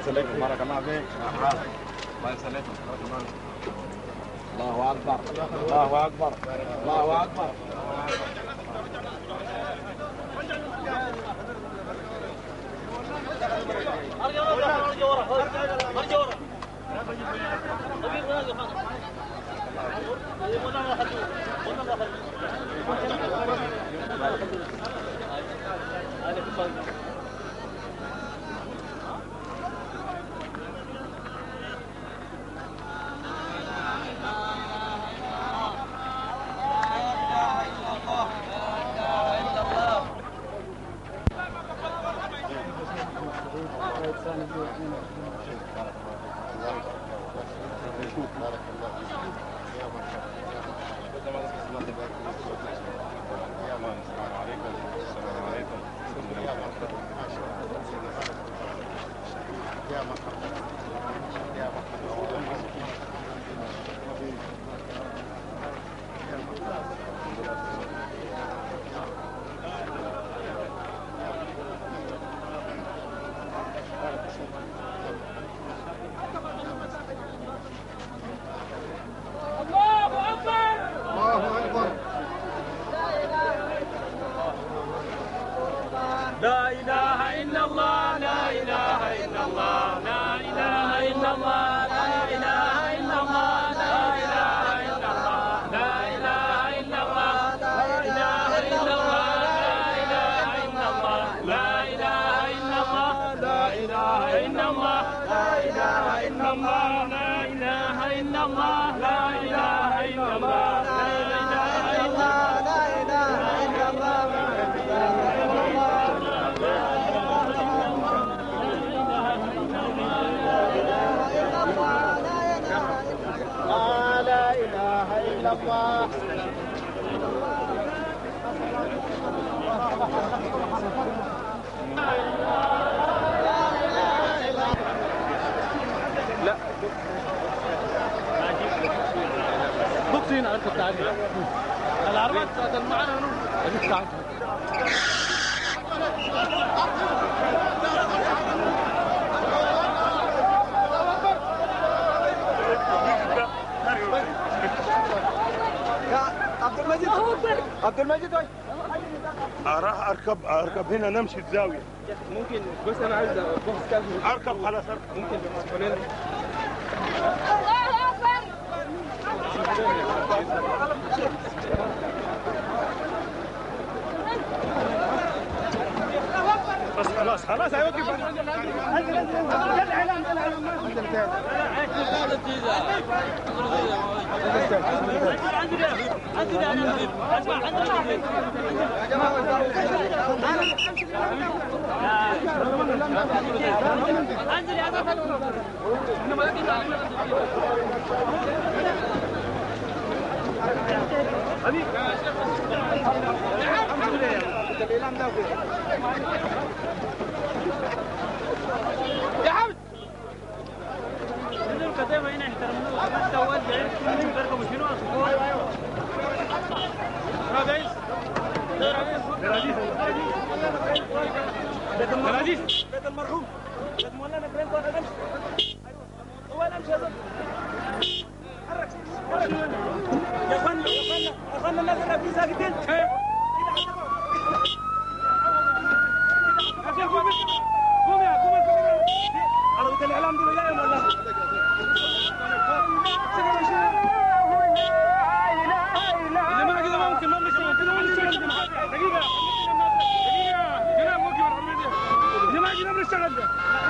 يسلمك بارك الله فيك الله يسلمك بارك الله فيك الله اكبر الله اكبر الله اكبر ارجع ورا ارجع ورا ارجع ورا طبيب راجع خالص Thank you. بارك الله فيك اروح اركب اركب هنا نمشي الزاويه ممكن بس انا عايز اركب خلاص اركب ممكن الله اكبر بس خلاص خلاص هيوقف يا حمد من القدامى هنا احترموه حتى اول بعرف من بركه مشينو ايوه ايوه رئيس رئيس المرحوم لازم ولا انا فرنت نمشي ايوه ولا امشي يا حرك حرك يا اخوانا يا اخوانا اخوانا الناس اللي ساكتين Hendricks.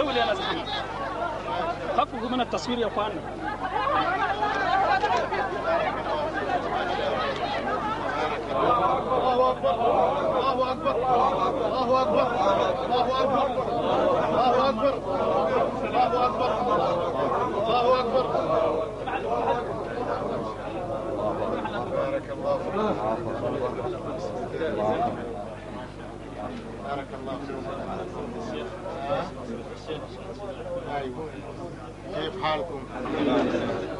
سوي لي انا زحمه خففوا من التصوير يا اخوانا الله اكبر الله اكبر الله اكبر الله اكبر الله اكبر الله اكبر الله اكبر بارك الله فيك بارك الله فيكم أه؟ كيف حالكم؟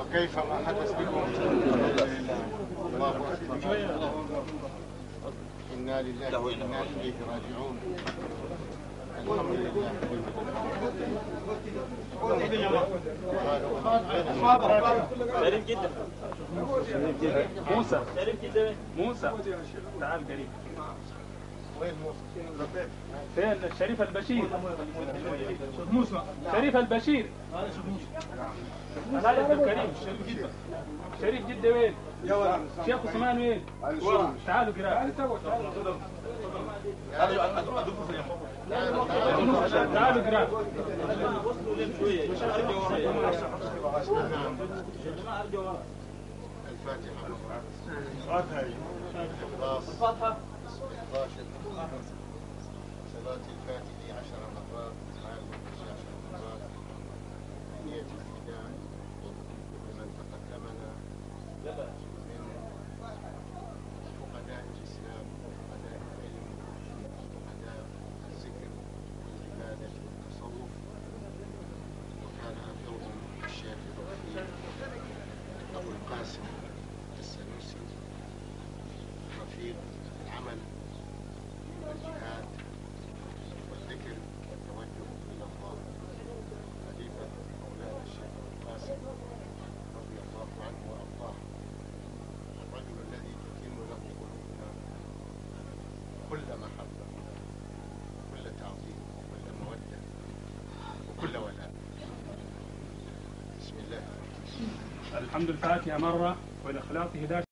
وكيف ما حدث بكم؟ الله اكبر انا لله وانا اليه راجعون الحمد لله قريب جدا موسى قريب جدا موسى تعال قريب فين شريف البشير شيخ موسى شريف البشير هذا شيخ موسى هذا الكريم شريف جدة شريف وين؟ شيخ عثمان وين؟ تعالوا قراءة تعالوا قراءة الفاتحة الفاتحة بالراشد صلاة الفاتحة عشر مرات مع المنقش عشر مرات نية الفداء لمن تقدمنا من فقداء الإسلام وفقداء العلم وفقداء الذكر والعبادة والتصوف وكان أبلغهم الشيخ أبو القاسم السنوسي رفيق حمد الفاتحة مرة والإخلاص 11